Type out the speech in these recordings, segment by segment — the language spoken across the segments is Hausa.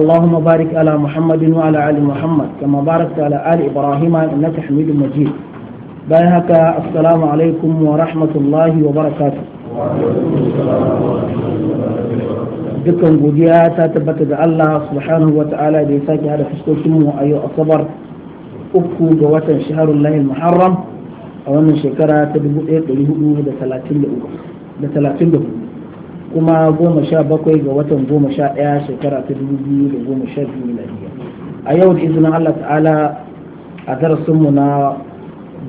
اللهم بارك على محمد وعلى آل محمد كما باركت على آل إبراهيم إنك حميد مجيد بايهك السلام عليكم ورحمة الله وبركاته dukkan godiya ta tabbata da Allah subhanahu wa ta'ala da ya sake hada fuskokinmu a yau asabar uku ga watan shaharun lahil muharram a wannan shekara ta 1434 kuma goma sha bakwai ga watan goma sha ɗaya shekara ta dubu biyu da goma sha biyu miladiya a yau da izinin Allah ta'ala a darasinmu na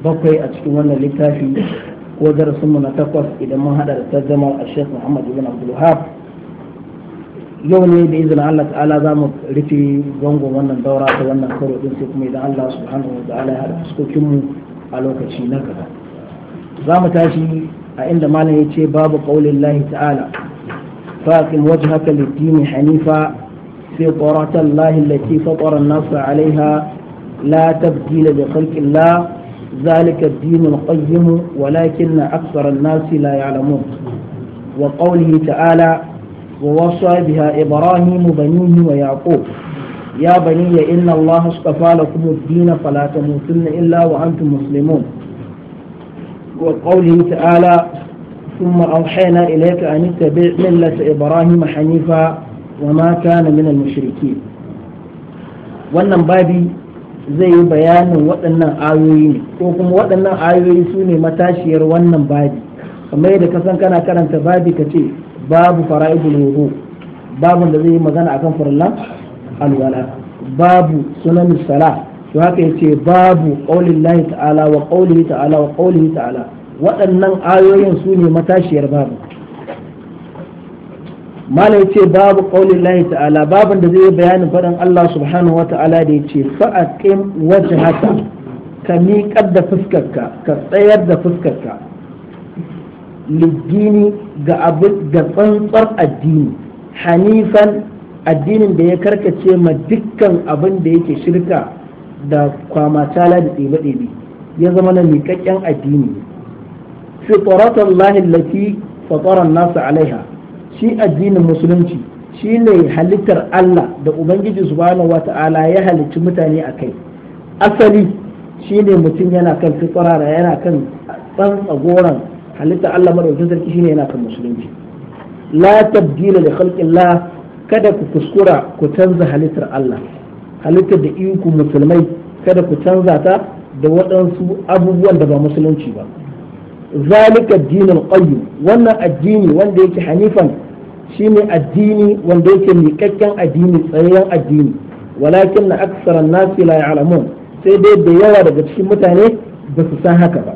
bakwai a cikin wannan littafi ko darasinmu na takwas idan mun haɗa da tazzama a shek muhammad ibn abdulhab yau ne da izinin Allah ta'ala za mu rufe zangon wannan daura ta wannan karo din sai kuma idan Allah subhanahu wa ta'ala ya haɗa fuskokinmu a lokaci na gaba za mu tashi a inda malam ya ce babu ƙaunin lahi ta'ala فاقم وجهك للدين حنيفا فطرة الله التي فطر الناس عليها لا تبديل لخلق الله ذلك الدين القيم ولكن أكثر الناس لا يعلمون وقوله تعالى ووصى بها إبراهيم بنيه ويعقوب يا بني إن الله اصطفى لكم الدين فلا تموتن إلا وأنتم مسلمون وقوله تعالى ثم أوحينا إليك أن اتبع ملة إبراهيم حنيفا وما كان من المشركين wannan babi zai yi bayanin waɗannan ayoyi ne ko kuma waɗannan ayoyi su ne matashiyar wannan babi kamar yadda ka san kana karanta babi ka ce babu fara'idul wudu babun da zai yi magana akan farlan alwala babu sunan sala to haka yace babu qaulillahi ta'ala wa qaulihi ta'ala wa qaulihi ta'ala waɗannan ayoyin su ne matashiyar babu mala ce babu ƙaunin lahi ta'ala babin da zai bayanin faɗin Allah subhanahu wa ta'ala da ya ce fa'aƙin fa'aqim haka? ka miƙar da fuskarka ka tsayar da fuskarka lidini ga abu ga tsantsar addini hanifan addinin da ya karkace ma dukkan abin da yake shirka da kwamata da ɗebe-ɗebe ya zama na miƙaƙƙen addini fitratan lahin lati fataran nasu alaiha shi addinin musulunci shi ne halittar Allah da Ubangiji subhanahu wa ta'ala ya halicci mutane a kai asali shi ne mutum yana kan fitara yana kan tsagoran halittar Allah madaukakin sarki shi ne yana kan musulunci la tabdila da khalqillah kada ku kuskura ku canza halittar Allah halittar da iku musulmai kada ku canza ta da waɗansu abubuwan da ba musulunci ba zalika addinin qayyim wannan addini wanda yake hanifan shine addini wanda yake miƙaƙƙen addini tsayayyen addini walakin na aksaran nasi la ya'lamun sai dai da yawa daga cikin mutane ba su san haka ba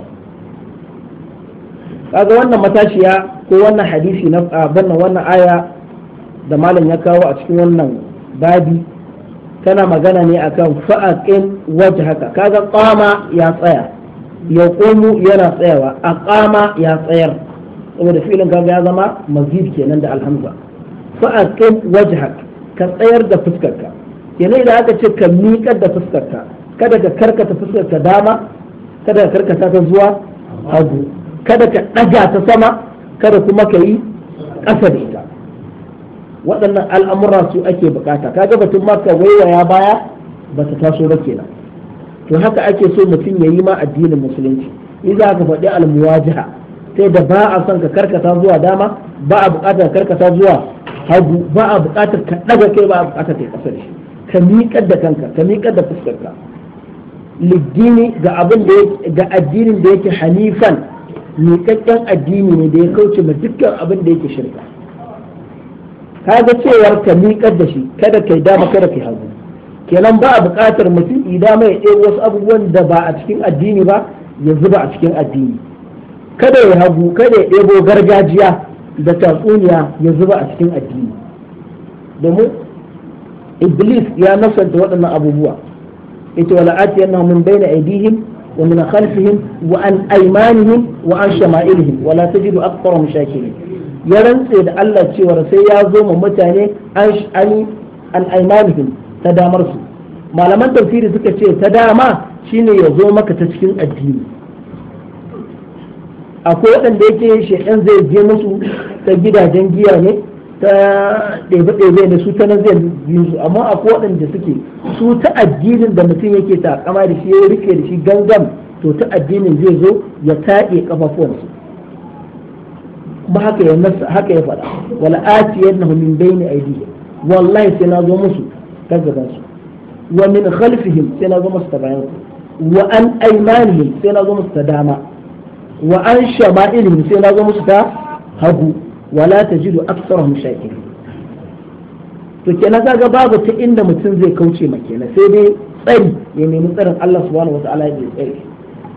kaga wannan matashiya ko wannan hadisi na abanna wannan aya da malam ya kawo a cikin wannan babi tana magana ne akan fa'aqin wajhaka kaga qama ya tsaya ya komu yana tsayawa a kama ya tsayar saboda filin kaga ya zama mazid kenan da alhamza fa a kai wajhak ka tsayar da fuskarka yana idan aka ce ka miƙar da fuskarka kada ka karkata fuskarka dama kada ka karkata ta zuwa hagu kada ka ɗaga ta sama kada kuma ka yi ƙasa da ita waɗannan al'amura su ake bukata kaga batun maka waiwaya baya ba ta taso ba kenan to haka ake so mutum ya yi ma addinin musulunci in aka ka faɗi almuwajaha sai da ba a son ka karkata zuwa dama ba a buƙatar karkata zuwa hagu ba a buƙatar ka ɗaga kai ba a buƙatar kai ƙasa da shi ka miƙar da kanka ka miƙar da fuskarka liddini ga abin da ga addinin da yake hanifan miƙaƙƙen addini ne da ya kauce ma dukkan abin da yake shirka kaga cewar ka miƙar da shi kada kai dama kada kai hagu kenan ba a buƙatar mutum idan mai ɗebo wasu abubuwan da ba a cikin addini ba ya zuba a cikin addini kada ya hagu kada ya ɗebo gargajiya da tatsuniya ya zuba a cikin addini domin iblis ya nasanta waɗannan abubuwa ita wala ati yana min baina aidihim wa min khalfihim wa an aymanihim wa an shama'ilihim wala tajidu aktharahum shakirin ya rantse da Allah cewa sai ya zo ma mutane an an aymanihim ta damar su malaman tafsiri suka ce ta dama shine ya zo maka ta cikin addini akwai waɗanda yake ɗan zai je musu ta gidajen giya ne ta ɗebe-ɗebe ne su ta nan zai yi su amma akwai waɗanda suke su ta addinin da mutum yake takama da shi ya rike da shi gangan to ta addinin zai zo ya taɗe ƙafafuwansu ba haka ya faɗa haka ya faɗa bai ne min yi wallahi sai na zo musu ta gaban su wa min khalfihim sai na zo musu ta bayan wa an aymanihim sai na zo musu ta dama wa an shama'ilihim sai na zo musu ta hagu wala tajidu aktsarahum shakirin to kenan kaga babu ta inda mutum zai kauce ma kenan sai dai tsari ya nemi tsarin Allah subhanahu ta'ala ya tsari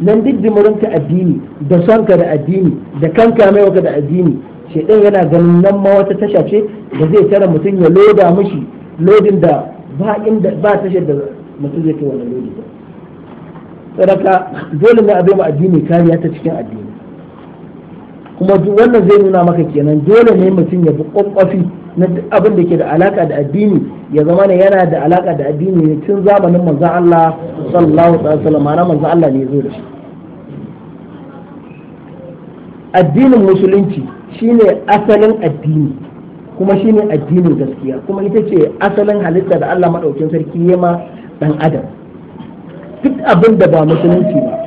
nan diddimurin ka addini da sonka da addini da kanka mai waka da addini shedan yana ganin nan ma wata tasha ce da zai tara mutum ya loda mishi lodin da ba inda ba tashar da mutum zai kai wannan lodi sadaka dole ne a bai mu addini kariya ta cikin addini kuma duk wannan zai nuna maka kenan dole ne mutum ya bi kwakwafi na abin da ke da alaka da addini ya zama ne yana da alaka da addini ne tun zamanin manzon Allah sallallahu alaihi wasallam ma'ana manzon Allah ne ya zo da shi addinin musulunci shine asalin addini kuma shi ne addinin gaskiya kuma ita ce asalin halitta da Allah madaukin sarki ma dan adam duk abin da ba musulunci ba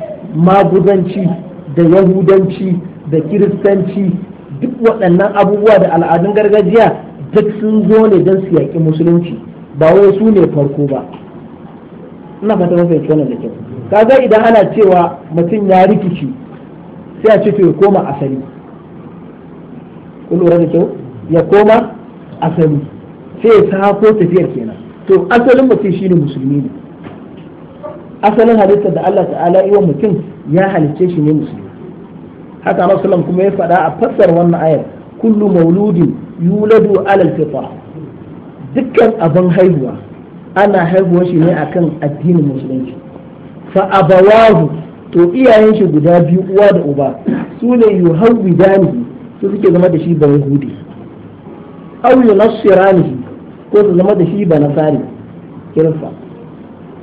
maguzanci da yahudanci da kiristanci duk waɗannan abubuwa da al'adun gargajiya duk sun zo ne don su yaƙi musulunci ba wai su ne farko ba ina fata mafi yanki da kyau kaga idan ana cewa mutum ya rikici sai a ce to ya koma asali ku da kyau ya koma asali sai ya sako tafiyar kenan to asalin mutum shine musulmi ne asalin halittar da Allah ta'ala iya mutum ya halicce shi ne musulmi haka Rasulullah kuma ya faɗa a fassar wannan ayar kullu mauludin yuladu alal fitra dukkan abin haihuwa ana haihuwa shi ne akan addinin musulunci fa abawahu to iyayen shi guda biyu uwa da uba su ne yuhawwidani su suke zama da shi bai yahudi aw shirani ko su zama da shi ba nasari kirsa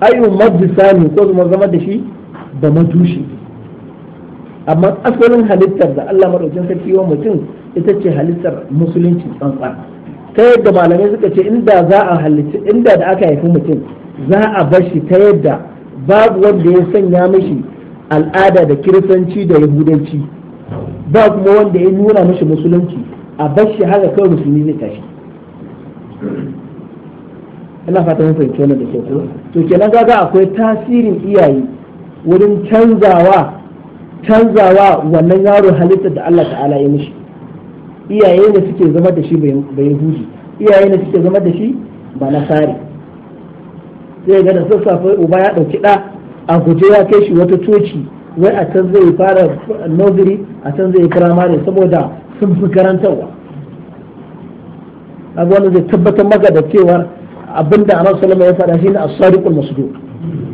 ay umajjisani ko su zama da shi ba matushi amma asalin halittar da Allah madaukakin sarki wa mutum ita ce halittar musulunci tsantsan ta yadda malamai suka ce inda za a halitta inda da aka haifi mutum za a bar shi ta yadda babu wanda ya sanya mishi al'ada da kiristanci da yahudanci ba kuma wanda ya nuna mishi musulunci a bashi haka kawai musulmi zai tashi ina fata mun fahimci wannan da ke ko to kenan gaga akwai tasirin iyaye wurin canzawa canzawa wannan yaro halittar da Allah ta'ala ya mishi iyaye ne suke zama da shi bai yahudi iyaye ne suke zama da shi ba nasari sai ga da sassafe uba ya dauki da a guje ya kai shi wata coci wai a can zai fara nursery a can zai firamare saboda sun fi karantarwa kaga wanda zai tabbatar maka da cewar abinda annabi salama ya faɗa shine as masu masduq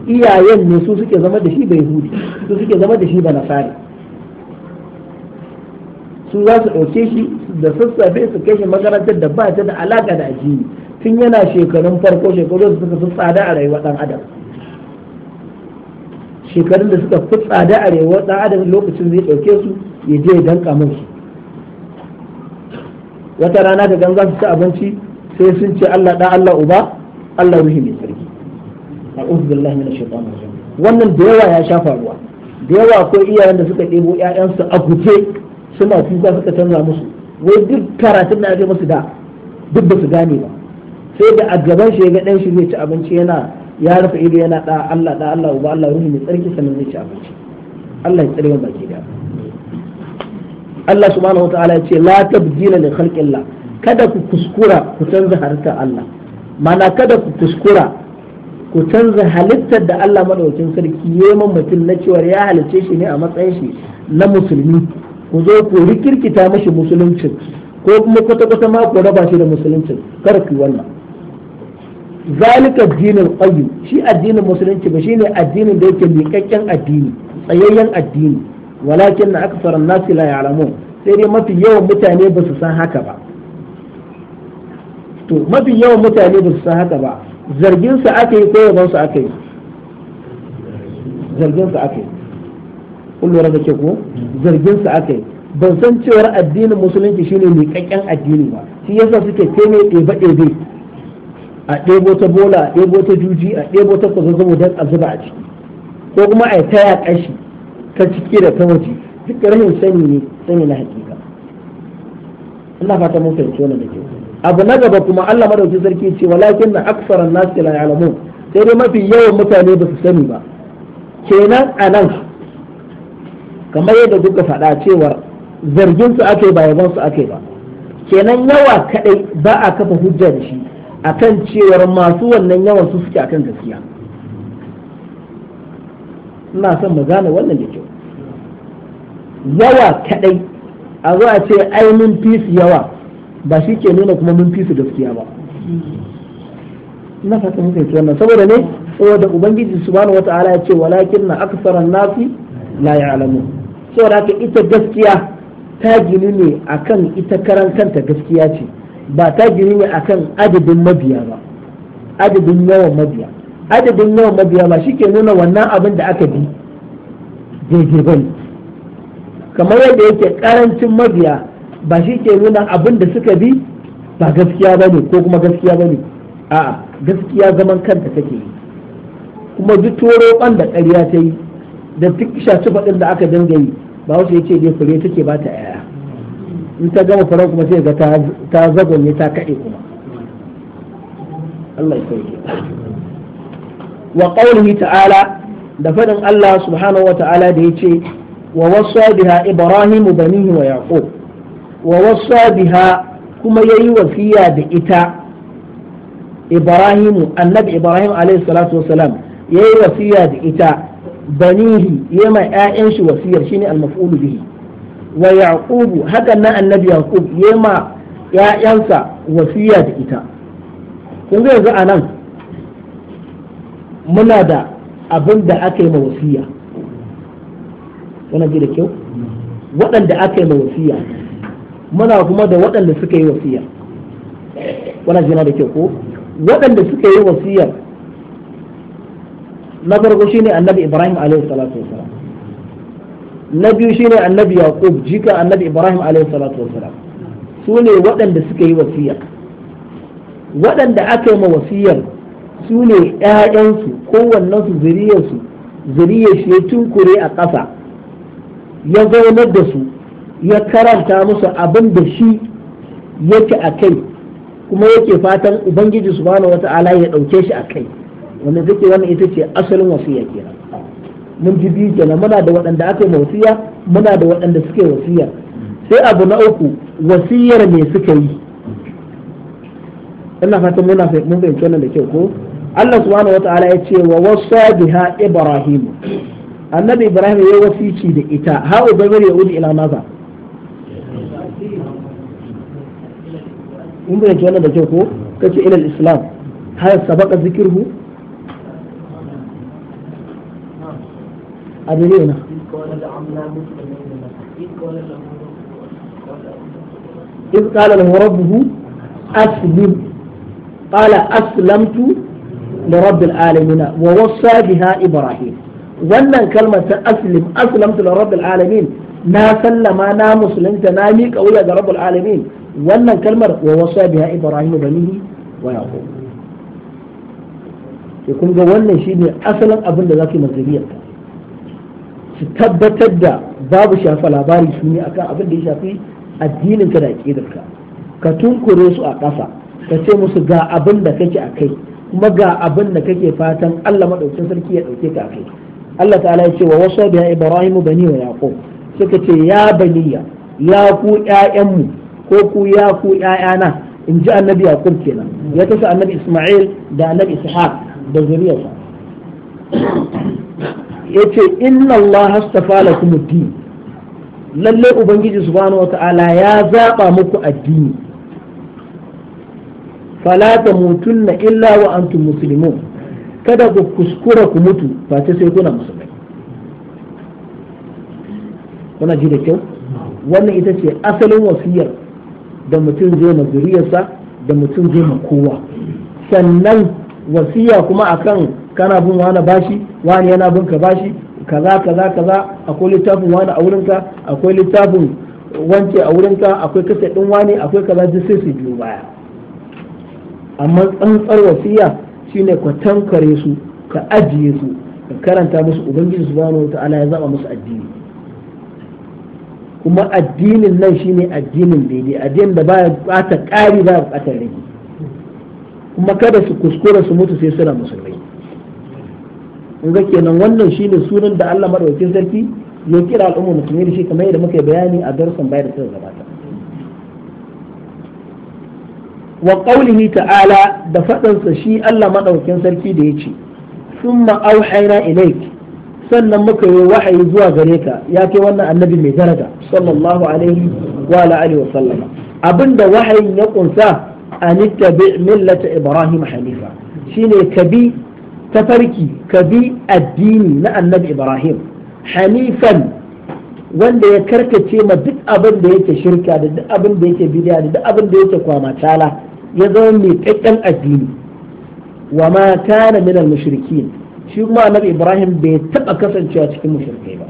iyayen ne su suke zama da shi bai hudu su suke zama da shi ba nasari su za su ɗauke shi da sassafe su kai shi makarantar da ba ta da alaka da addini tun yana shekarun farko shekarun da suka fi tsada a rayuwar ɗan adam shekarun da suka fi tsada a rayuwar ɗan adam lokacin zai ɗauke su ya je ya danka musu wata rana gan za su ci abinci sai sun ce Allah da Allah uba Allah ruhi mai sarki a'udhu billahi minash shaitanir rajim wannan da yawa ya shafa ruwa da yawa akwai iyayen da suka ɗebo ƴaƴansu a guje suna kuka suka canza musu wai duk karatun da ake musu da duk ba su gane ba sai da a gaban shi ga ɗan shi zai ci abinci yana ya rufe ido yana da Allah da Allah uba Allah ruhi mai tsarki sannan zai ci abinci Allah ya tsare baki da Allah subhanahu wa ta'ala ya ce la tabdila li khalqillah kada ku kuskura ku canza halittar Allah mana kada ku kuskura ku canza halittar da Allah madaukakin sarki yayin mutum na cewa ya halice shi ne a matsayin shi na musulmi ku zo ku rikirkita mashi musuluncin ko kuma kwata-kwata ma ku raba shi da musuluncin kar ku wannan zalika addinin qayyim shi addinin musulunci ba shine addinin da yake miƙaƙƙen addini tsayayyen addini walakin na aka aksarin nasi la ya'lamun sai dai mafi yawan mutane ba su san haka ba to mafi yawan mutane ba su san haka ba zargin su aka yi ko yaban su aka yi zargin su aka yi kun da ke ko zargin su aka yi ban san cewar addinin musulunci shine miƙaƙƙen addini ba shi yasa suke kene ɗebe-ɗebe a ɗebo ta bola a ɗebo ta juji a ɗebo ta kwazazzabo don a zuba a ciki ko kuma a yi ta yaƙa shi Ka ciki da ta waje duk rahin sani ne sani na hakika ina fata mun fahimci wannan da abu na gaba kuma Allah madauki sarki ce walakin na aksara nasu la ya'lamun sai dai mafi yawan mutane ba su sani ba kenan anan kamar yadda duka faɗa cewa zargin su ake ba yaban su ake ba kenan yawa kadai ba a kafa hujja da shi akan cewar masu wannan yawan su suke akan gaskiya ina son mu gane wannan da kyau yawa kadai a zo a ce ai mun fi yawa ba shi ke nuna kuma mun fisi gaskiya ba na fata muka yi wannan saboda ne saboda ubangiji subhanahu wata'ala ya ce walakin na aksaran na la ya'lamu saboda haka ita gaskiya ta gini ne akan ita karan kanta gaskiya ce ba ta gini ne akan adadin mabiya ba adadin yawan mabiya adadin yawan mabiya ba shi ke nuna wannan abin da aka bi daidai ba kamar yadda yake karancin mabiya ba shi ke nuna abin da suka bi ba gaskiya ba ne ko kuma gaskiya ba ne a'a gaskiya zaman kanta take yi kuma duk toro ban da ƙarya ta yi da duk shaci faɗin da aka dinga yi ba wasu ya ce dai fure take ba ta yaya in ta gama faran kuma sai ga ta zagonye ta kaɗe kuma Allah ya sauke wa ƙaunin ta'ala da faɗin Allah subhanahu wa ta'ala da ya ce ووصى بها إبراهيم بنيه ويعقوب ووصى بها كما يي وفيا بإتا إبراهيم النبي إبراهيم عليه الصلاة والسلام يي وفيا بإتا بنيه يما آئنش وفير شيني المفعول به ويعقوب هكذا النبي يعقوب يما يأينسى وفيا بإتا kun ga yanzu a nan muna da abin da aka yi ma wasiya wannan ji da kyau waɗanda aka yi ma wasiya muna kuma da waɗanda suka yi wasiya ji da kyau ko waɗanda suka yi wasiya na farko shine annabi ibrahim alaihi salatu wasalam na biyu shine annabi yaqub jika annabi ibrahim alaihi salatu wasalam su ne waɗanda suka yi wasiya waɗanda aka yi ma wasiyar su ne ‘ya'yansu kowannensu zuriyarsu zuriyar shi ya tunkure a ƙasa ya zaunar da su ya karanta musu abin da shi yake a kai kuma yake fatan ubangiji su wata ala ya ɗauke shi a kai wanda take wannan ita ce asalin wasiya kenan mun ji biyu kenan muna da waɗanda aka yi wasiya muna da waɗanda suke wasiya sai abu na uku wasiyar me suka yi ina fatan muna mun fahimci wannan da kyau ko Allah subhanahu wata'ala ya ce wa wasa biha Ibrahim annabi ibrahim ya wasici da ita hawa bamir ya wuce ila maza in bai wannan da kyau ko kace ila islam hal sabaqa zikirhu أدرينا إذ قال له ربه أسلم قال أسلمت لرب العالمين ووصى بها إبراهيم wannan kalmar ta aslim aslamtu li alamin na sallama na musulunta na miƙa wuya ga rabbul alamin wannan kalmar wa wasa biha ibrahim banihi wa yaqub to kun ga wannan shine asalin abin da zaka mazuriyar ka su tabbatar da babu shafa labari su ne akan abin da ya shafi addinin ka da aqidarka ka tunkure su a ƙasa ka ce musu ga abin da kake a kai kuma ga abin da kake fatan Allah madaukakin sarki ya dauke ka a kai Allah ta'ala ya ce wa wasu biya Ibrahim bani wa Yaqub suka ce ya baniya ya ku ƴaƴanmu ko ku ya ku ƴaƴana in ji annabi Yaqub kenan ya tafi annabi Isma'il da annabi Ishaq da zuriyarsa yace inna Allah astafa lakum ad-din lalle ubangiji subhanahu wata'ala ya zaba muku addini fala tamutunna illa wa antum muslimun kada ku kuskura ku mutu face sai kuna musulmai kuna ji da kyau wannan ita ce asalin wasiyar da mutum zai ma zuriyarsa da mutum zai ma kowa sannan wasiya kuma akan kana bin wani bashi wani yana bin ka bashi kaza kaza kaza akwai littafin wani a wurinka akwai littafin wance a wurinka akwai kasa din wani akwai kaza duk sai su biyo baya amma tsantsar wasiya shine ka tankare su ka ajiye su ka karanta musu ubangiji subhanahu wa ta'ala ya zaba musu addini kuma addinin nan shine addinin daidai addinin da baya bata ƙari ba bata rage kuma kada su kuskura su mutu sai suna musulmai in ga kenan wannan shine sunan da Allah madaukakin sarki ya kira al'ummar musulmi da shi kamar yadda muka bayani a darsan bayar da suka gabata wa qaulihi ta'ala da faɗansa shi Allah maɗaukin sarki da ya sun summa auhayna ilaik sannan muka yi wahayi zuwa gare ka ya kai wannan annabi mai daraja sallallahu alaihi wa alihi wa sallama abinda wahayin ya kunsa an tabi millata ibrahim hanifa shine kabi tafarki kabi addini na annabi ibrahim hanifan wanda ya karkace ma duk abin da yake shirka da duk abin da yake bid'a da duk abin da yake kwamatala ya zama mai kakkan addini wa ma kana min al mushrikin shi kuma annabi ibrahim bai taba kasancewa cikin mushrikai ba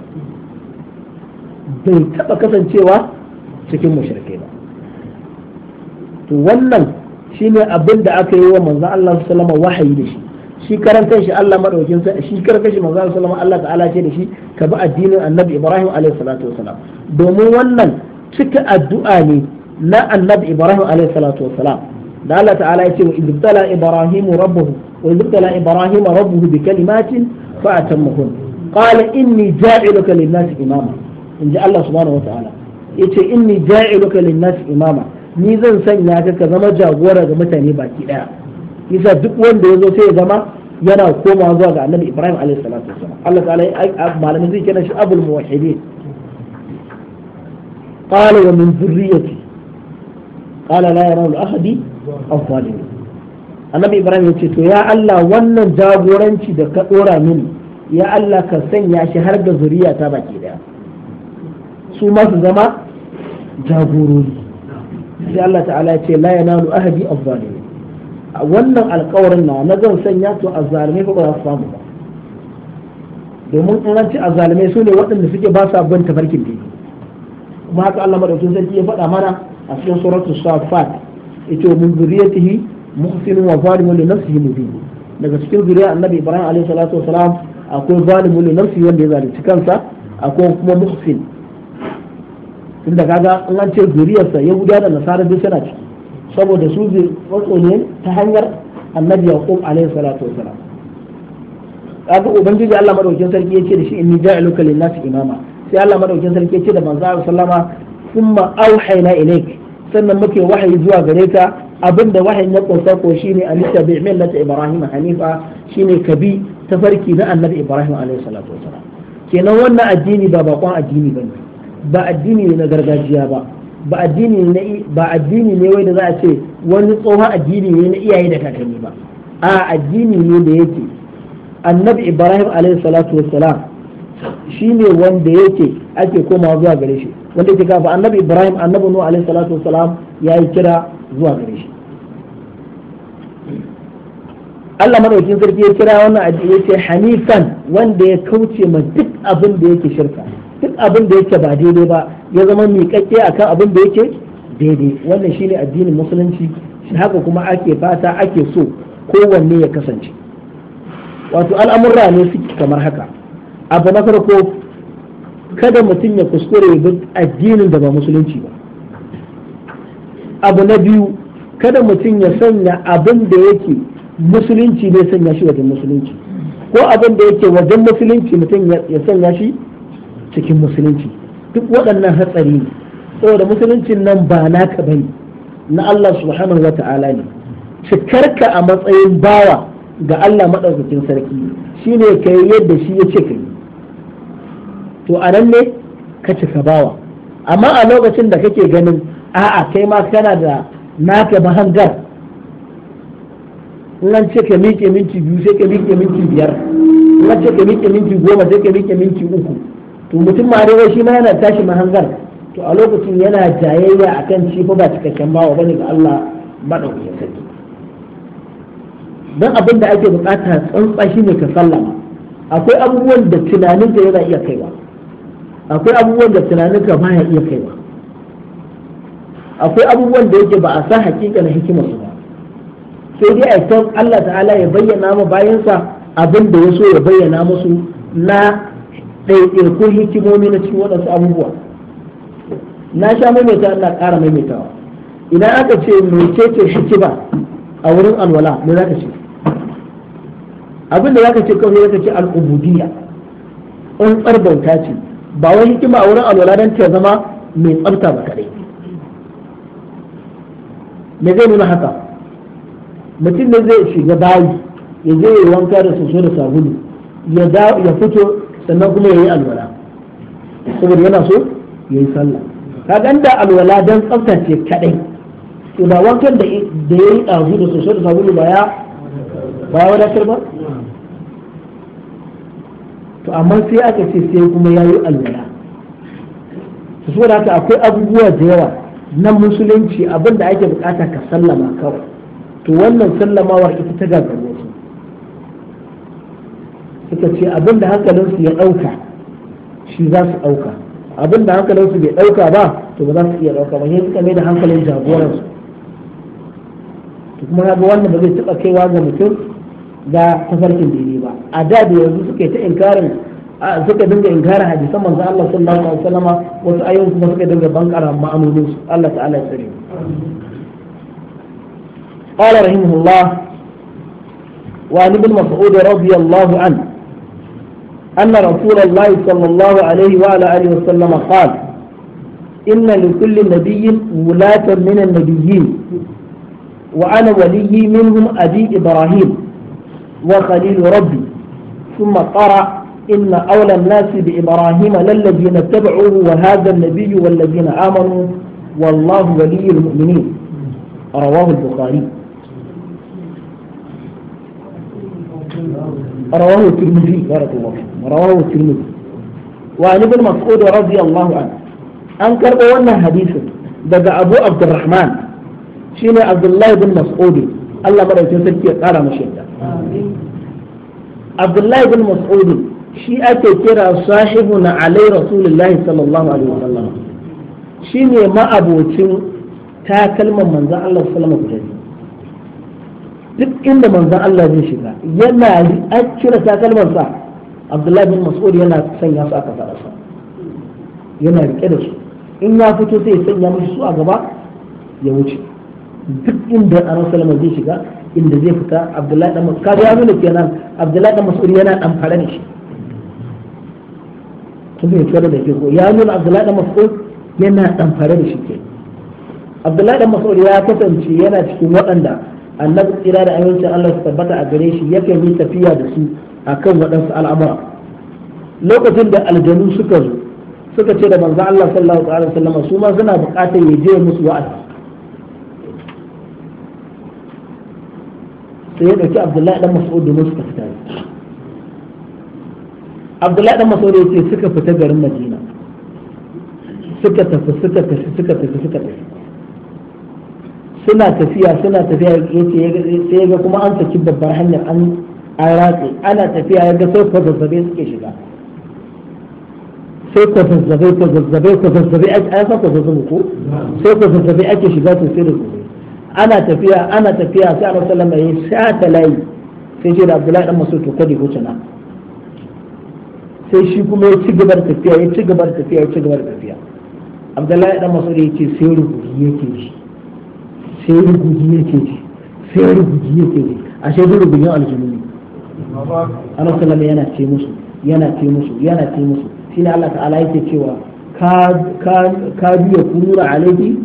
bai taba kasancewa cikin mushrikai ba to wannan shine abin da aka yi wa manzon Allah sallama wahayi da shi shi karantar shi Allah madaukin sa shi karantar shi manzon sallama Allah ta'ala ce da shi ka bi addinin annabi ibrahim alaihi salatu wasalam domin wannan cika addu'a ne na annabi ibrahim alaihi salatu wasalam da Allah ta'ala ya ce wa ibtala ibrahimu rabbuhu wa ibtala ibrahim rabbuhu bi kalimatin fa atammahun qala inni ja'iluka lin-nasi imama in ji Allah subhanahu wa ta'ala yace inni ja'iluka lin-nasi imama ni zan sanya ka ka zama jagora ga mutane baki daya yasa duk wanda yazo sai ya zama yana komawa zuwa ga Annabi Ibrahim alaihi salatu wasallam Allah ta'ala malamin zai kira shi abul muwahhidin qala wa min dhurriyyati قال لا ينال أحدي الظالمين annabi ibrahim ya ce to ya Allah wannan jagoranci da ka dora mini ya Allah ka sanya shi har ga zuriya ta baki daya su ma su zama jagorori sai Allah ta'ala ya ce la yanalu ahadi az wannan alƙawarin na na zan sanya to a ko ba su samu ba domin an ce azzalimai su ne waɗanda suke ba su bin tafarkin dai kuma haka Allah madaukakin sarki ya faɗa mana a cikin suratul safat yace min zuriyatihi muhsinun wa zalimun li nafsihi mubin daga cikin zuriya annabi ibrahim alaihi salatu wasalam akwai zalimun li nafsihi wanda ya zalunci kansa akwai kuma muhsin tunda kaga in an ce zuriyarsa yahudiya da nasara duk suna ciki saboda su zai tsotso ne ta hanyar annabi yaqub alaihi salatu kaga ubangiji Allah madaukakin sarki yace da shi inni ja'iluka lin-nasi imama sai Allah madaukakin sarki yace da manzo sallama thumma auhayna ilayka sannan muke wahayi zuwa gare ka abinda wahayin ya kosa ko shine an tabi millata ibrahim hanifa shine kabi tafarki na annabi ibrahim alaihi salatu wasalam kenan wannan addini ba bakon addini bane ba addini ne na gargajiya ba ba addini ne ba addini ne wai da za a ce wani tsohon addini ne na iyaye da kakanni ba a addini ne da yake annabi ibrahim alaihi salatu wasalam shine wanda yake ake komawa zuwa gare shi wanda yake kafa annabi ibrahim annabi nuhu alaihi salatu wasalam ya yi kira zuwa gare shi Allah madaukin sarki ya kira wannan addini yace hanifan wanda ya kauce ma duk abin da yake shirka duk abin da yake ba daidai ba ya zama miƙaƙƙe akan abin da yake daidai wannan shine addinin musulunci shi haka kuma ake fata ake so kowanne ya kasance wato al'amurra ne suke kamar haka abu na farko kada mutum ya kuskure ya addinin da ba musulunci ba abu na biyu kada mutum ya sanya abin da yake musulunci ne sanya shi wajen musulunci ko abin da yake wajen musulunci mutum ya sanya shi cikin musulunci duk waɗannan hatsari ne saboda musuluncin nan ba naka bane na Allah subhanahu wa ta'ala ne cikarka a matsayin bawa ga Allah maɗaukacin sarki shine kai yadda shi ya ce kai to a nan ne ka cika bawa amma a lokacin da kake ganin a'a kai ma kana da naka mahangar in ce ka miƙe minti biyu sai ka miƙe minti biyar in ce ka miƙe minti goma sai ka miƙe minti uku to mutum ma dai shi ma yana tashi mahangar to a lokacin yana jayayya akan shi fa ba cikakken bawa bane ga Allah madaukakin sarki dan abin da ake bukata tsantsa shine ka sallama akwai abubuwan da tunanin da yana iya kaiwa akwai abubuwan da tunaninka ba ya iya kaiwa akwai abubuwan da yake ba a san hakika na hikimar su ba sai dai a kan Allah ta'ala ya bayyana ma bayansa abin da ya so ya bayyana musu na ko hikimomi na cikin waɗansu abubuwa na sha maimaita Allah ƙara maimaitawa idan aka ce ce hikima a wurin alwala me za ka ce abin da za ka ce kawai za ka ce al'ubudiyya an tsarbauta ce ba wai hikima a wurin alwala don ta zama mai tsafta ba kadai me zai nuna haka mutum ne zai shiga bayi ya je ya wanka da soso da sabulu ya fito sannan kuma ya yi alwala saboda yana so ya yi sallah ka ganda alwala don tsafta ce kadai to da wankan da ya yi ɗazu da soso da sabulu baya ba ya wadatar ba to amma sai aka ce sai kuma ya yi alwala su so da akwai abubuwa da yawa na musulunci abin da ake bukata ka sallama kawai to wannan sallamawar ita ta gagaruwa su suka ce abin da hankalinsu ya ɗauka shi za su ɗauka abin da hankalinsu bai ɗauka ba to ba za su iya ɗauka ba ne suka mai da hankalin jagoransu to kuma ga wannan ba zai taɓa kaiwa ga mutum ga tafarkin dini a yanzu suke ta inkarin suka dinga inkarin hadisan manzo Allah sallallahu alaihi wasallama wasu ayoyin kuma suka dinga bankara ma'anonin su Allah ta'ala ya tsare قال رحمه الله وعن ابن مسعود رضي الله عنه أن رسول الله صلى الله عليه وعلى آله وسلم قال إن لكل نبي ولاة من النبيين وأنا ولي منهم أبي إبراهيم وخليل ربي ثم قرأ إن أولى الناس بإبراهيم للذين اتبعوه وهذا النبي والذين آمنوا والله ولي المؤمنين رواه البخاري رواه الترمذي بارك الله رواه الترمذي وعن ابن مسعود رضي الله عنه أنكر بوانا حديثا دقى أبو عبد الرحمن شنو عبد الله بن مسعود الله مرة يتسكي قال مشيئة abdullahi bin mas'ud shi ake kira sahibuna alai rasulullahi sallallahu alaihi wasallam shine ne ma'abocin takalman manzan Allah sallallahu alaihi wasallam duk inda manzan Allah zai shiga yana an cire takalmansa abdullahi bin mas'ud yana sanya su aka fara sa yana rike da su in ya fito sai ya sanya musu su a gaba ya wuce duk inda annabi sallallahu alaihi wasallam zai shiga inda zai fita abdullahi dan mas'ud kaga ya nuna kenan abdullahi dan mas'ud yana dan fara da shi kun bai tsara da ke ya nuna abdullahi dan mas'ud yana dan fara da shi kenan abdullahi dan mas'ud ya kasance yana cikin waɗanda annabi tsira da amincin Allah su tabbata a gare shi yakan yi tafiya da su akan waɗansu al'amura lokacin da aljanu suka zo suka ce da manzo Allah sallallahu alaihi wasallam su ma suna buƙatar ya je musu wa'azi sai ya dauki abdullahi domin suka fita abdullahi ya ce suka fita garin madina suka tafi suka tafi suka tafi suka tafi suna tafiya suna tafiya ya ce sai ga kuma an saki babbar hanyar an ratse ana tafiya ya ga sai kwazazzabe suke shiga sai kwazazzabe kwazazzabe kwazazzabe a yasa kwazazzabe ko sai kwazazzabe ake shiga sosai da ana tafiya ana tafiya sai annabi sallallahu alaihi wasallam ya sata layi sai shi da Abdullahi dan Mas'ud to kadi huce na sai shi kuma ya ci gaba da tafiya ya ci gaba da tafiya ya ci gaba da tafiya Abdullahi dan Mas'ud ya ce sai rubuji yake ji sai rubuji yake ji sai rubuji yake ji ashe duk rubujin aljihu ne annabi sallallahu yana ce musu yana ce musu yana ce musu shine Allah ta'ala yake cewa ka ka ka biya kunura alaihi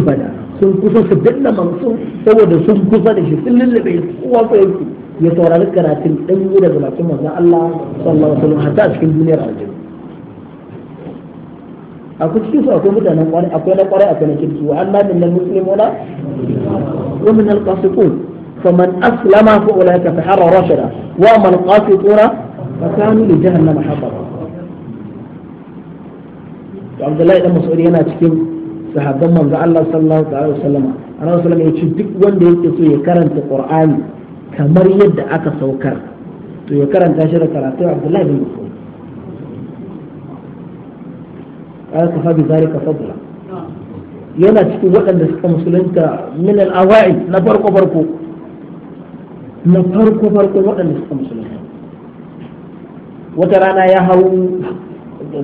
bada. sun kusa su danna mamsun saboda sun kusa da shi sun lullube kowa sai yake ya saurari karatun dan yi daga bakin manzon Allah sallallahu alaihi wasallam hatta a cikin duniyar aljanna akwai cikin su akwai mutanen kwarai akwai na kwarai akwai na kirki wa Allah min al muslimuna wa min al qasitun faman aslama fa ulaika fa harra rashada wa man qasituna fa kanu li jahannama hatara Abdullahi dan Mas'ud yana cikin sahabban manzo Allah sallallahu alaihi wasallam annabi sallallahu ya ce duk wanda yake so ya karanta qur'ani kamar yadda aka saukar to ya karanta shi da karatu Abdullahi bin Mas'ud قال كفى بذلك فضلا yana cikin waɗanda suka musulunta min al-awa'i na farko farko na farko farko waɗanda suka musulunta wata rana ya hau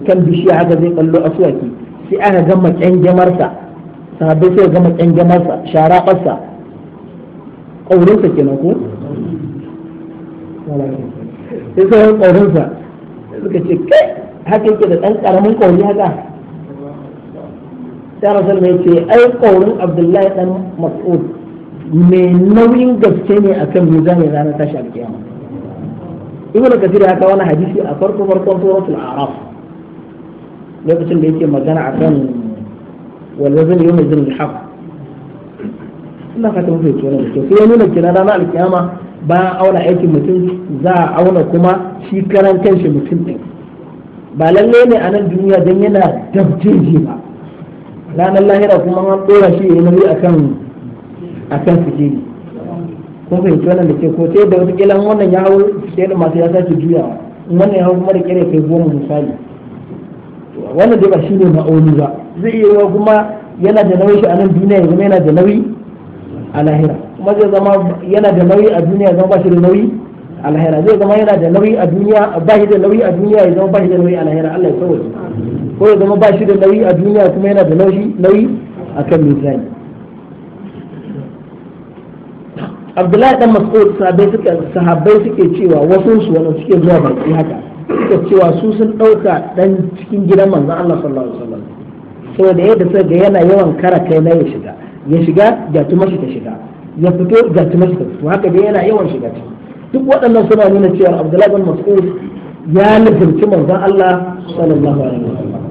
kan bishiya haka zai kallo asuwaki sai aka gama kyankyamarsa sahabbai sai gama kyankyamarsa sharaƙarsa ƙaurinsa kenan ko sai sai ƙaurinsa suka ce kai haka yake da ɗan ƙaramin ƙauri haka sai rasul mai ce ai ƙaurin abdullahi ɗan mas'ud mai nauyin gaske ne akan mizanin ranar tashi alkiyama ibnu kathir ya kawo wani hadisi a farko farkon suratul a'raf lokacin da yake magana a akan walwazin yau mai zirin haku ina fata mafi tuwa da kyau sai ya nuna kina rana alkiyama bayan auna aikin mutum za a auna kuma shi karan kanshi mutum ɗin ba lalle ne a nan duniya don yana dabjeji ba ranar lahira kuma an ɗora shi ya yi nauyi akan akan sikeli kun fahimci wannan da ke ko sai da wata kilan wannan ya hau sai da masu ya sake juyawa wannan ya hau kuma da kere kai goma misali wannan dai ba shi ne ma'auni ba zai iya yiwa kuma yana da nauyi shi a nan duniya ya zama yana da nauyi a lahira kuma zai zama yana da nauyi a duniya ya zama ba shi da nauyi a lahira zai zama yana da nauyi a duniya ba shi da nauyi a duniya ya zama ba shi da nauyi a lahira Allah ya kawai ko ya zama ba shi da nauyi a duniya kuma yana da nauyi nauyi a kan mizani Abdullahi dan Mas'ud sahabbai suke cewa wasu su wani suke zuwa baki haka suka cewa su sun ɗauka ɗan cikin gidan manzan Allah sallallahu alaihi wasallam saboda yadda sai ga yana yawan kara kai na ya shiga ya shiga ga tuma shi ta shiga ya fito ga tuma shi ta fito haka dai yana yawan shiga ciki duk waɗannan suna nuna cewa Abdullahi bin Mas'ud ya nufinci manzan Allah sallallahu alaihi wasallam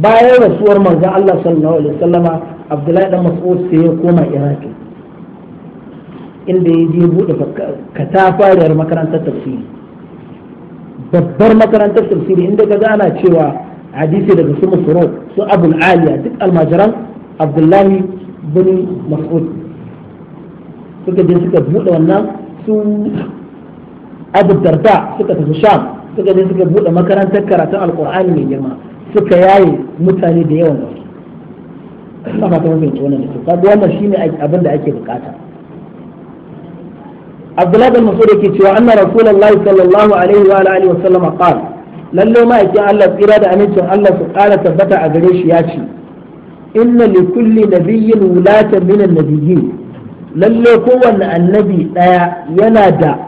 bayan rasuwar manzan Allah sallallahu alaihi wasallam Abdullahi bin Mas'ud sai ya koma Iraq inda ya je buɗe katafariyar makarantar tafsiri babbar makarantar tafsiri inda ka ana cewa hadisi daga su masoro su abul aliya duk almajiran abdullahi bin mas'ud suka je suka buɗe wannan su abu darda suka tafi sham suka je suka buɗe makarantar karatun alkur'ani mai girma suka yaye mutane da yawan gaske ba ta mafi wannan da su kaga wannan shine abin da ake bukata abdullahi masu mas'ud yake cewa anna rasulullahi sallallahu alaihi wa sallam qala lalle ma yake Allah tsira da amincin Allah su kara tabbata a gare shi ya ci. inna li kulli nabiyyin wulatan min lalle kowanne annabi ɗaya yana da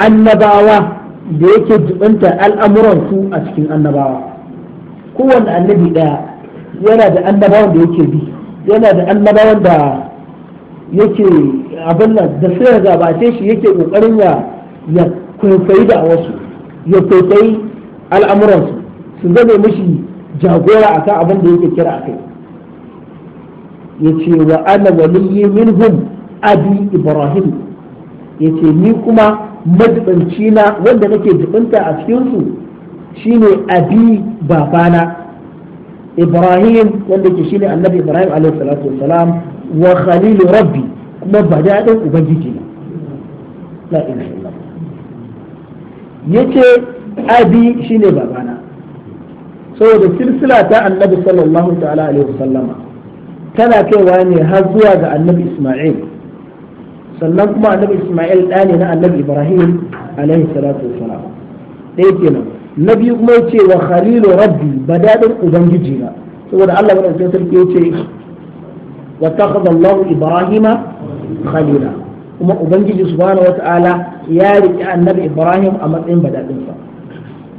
annabawa da yake jibinta al'amuransu a cikin annabawa kowanne annabi ɗaya yana da annabawan da yake bi yana da annabawan da yake abin nan da sai ya zabace shi yake kokarin ya ya kwaikwayi da wasu ya kwaikwayi al'amuransu su zame mishi jagora akan abin da yake kira akai yace wa ana waliyyi minhum abi ibrahim ce ni kuma majibanci na wanda nake jibinta a cikinsu shine abi babana ibrahim wanda ke shine annabi ibrahim alaihi salatu wassalam wa khalilu rabbi kuma ba daɗin ubangiji ne la ilaha illallah yace abi shine babana saboda silsila ta annabi sallallahu ta'ala alaihi wasallama tana kaiwa ne har zuwa ga annabi isma'il sannan kuma annabi isma'il ɗa ne na annabi ibrahim alaihi salatu wassalam ɗaya kenan na biyu kuma ya ce wa khalilu rabbi ba daɗin ubangiji na saboda Allah mana ɗauke sarki ya ce wa takhadha Allahu Ibrahima khalila kuma ubangiji subhanahu wata'ala ya riƙe annabi Ibrahim a matsayin badadin sa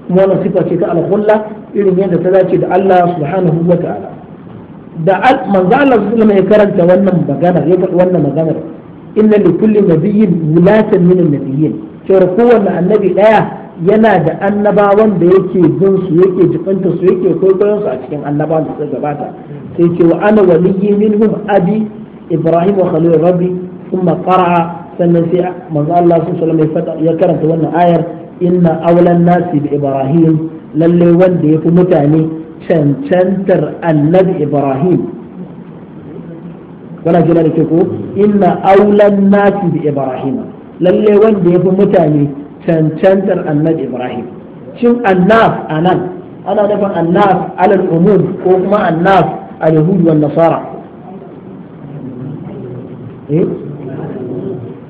kuma wannan sifa ce ta alkhulla irin yadda ta dace da Allah subhanahu wata'ala da manzo Allah sallallahu ya karanta wannan magana ya faɗi wannan maganar inna li kulli nabiyyin wulatan min an-nabiyyin cewa kowanne annabi daya yana da annabawan da yake bin su yake jibanta su yake kwaikwayon su a cikin annabawan da suka gabata sai ce wa ana waliyyi minhum abi ibrahim wa khalil rabbi kuma qara'a sannan sai manzo Allah sallallahu alaihi wasallam ya karanta wannan ayar inna awlan nasi bi ibrahim lalle wanda yafi mutane cancantar annabi ibrahim wala jira da ke ko inna awlan nasi bi ibrahim lalle wanda yafi mutane cancantar annabi ibrahim shin annaf anan ana nufin annaf alal umum ko kuma annaf al yahud wa nasara eh?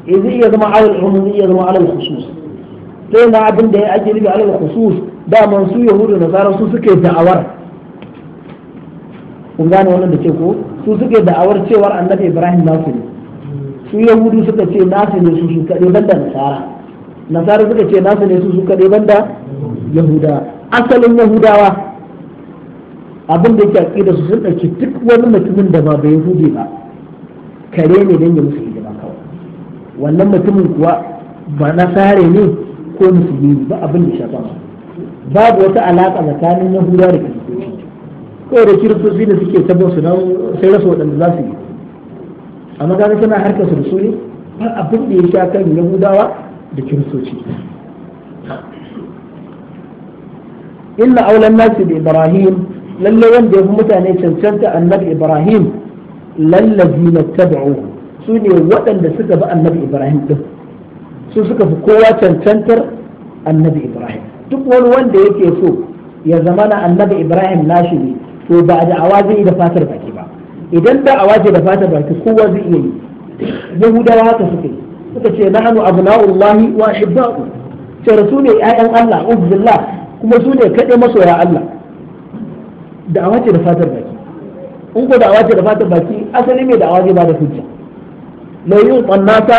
eh zai iya zama alal umum zai iya zama alal khusus sai na abin da ake nufi alal khusus da man su yahudu nasara su suke da'awar kun gane wannan da ke ko su suke da'awar cewar annabi ibrahim nasu ne su yahudu suka ce nasu ne su su kaɗai banda nasara nasara suka ce nasu ne su suka ban da? yahuda asalin yahudawa abin da yake aƙida su sun ɗauki duk wani mutumin da ba bai yahudi ba kare ne don ya musu hijima kawai wannan mutumin kuwa ba nasare ne ko musulmi ba abin da shafa babu wata alaƙa tsakanin yahuda da kiristoci kawai da kiristoci da suke tabbar su sai rasa waɗanda za su yi amma kaga suna harkar su da su ne ba abin da ya sha kan yahudawa da kiristoci inna aulan nasi da ibrahim lalle wanda ya fi mutane cancanta annabi ibrahim lallazi na taba'u su ne waɗanda suka bi annabi ibrahim ɗin su suka fi kowa cancantar annabi ibrahim duk wani wanda yake so ya zama na annabi ibrahim nashi ne to ba da awa zai yi da fatar baki ba idan da awa da fatar baki kowa zai iya yi yahudawa haka suka yi suka ce nahnu abna'ullahi wa ahibba'u ce rasu ne ƴaƴan Allah ubillah kuma su ne kaɗai masoya Allah da ce da fatar baki in ko da'awa ce da fatar baki asali mai da'awa ba da hujja law yu'tan nasa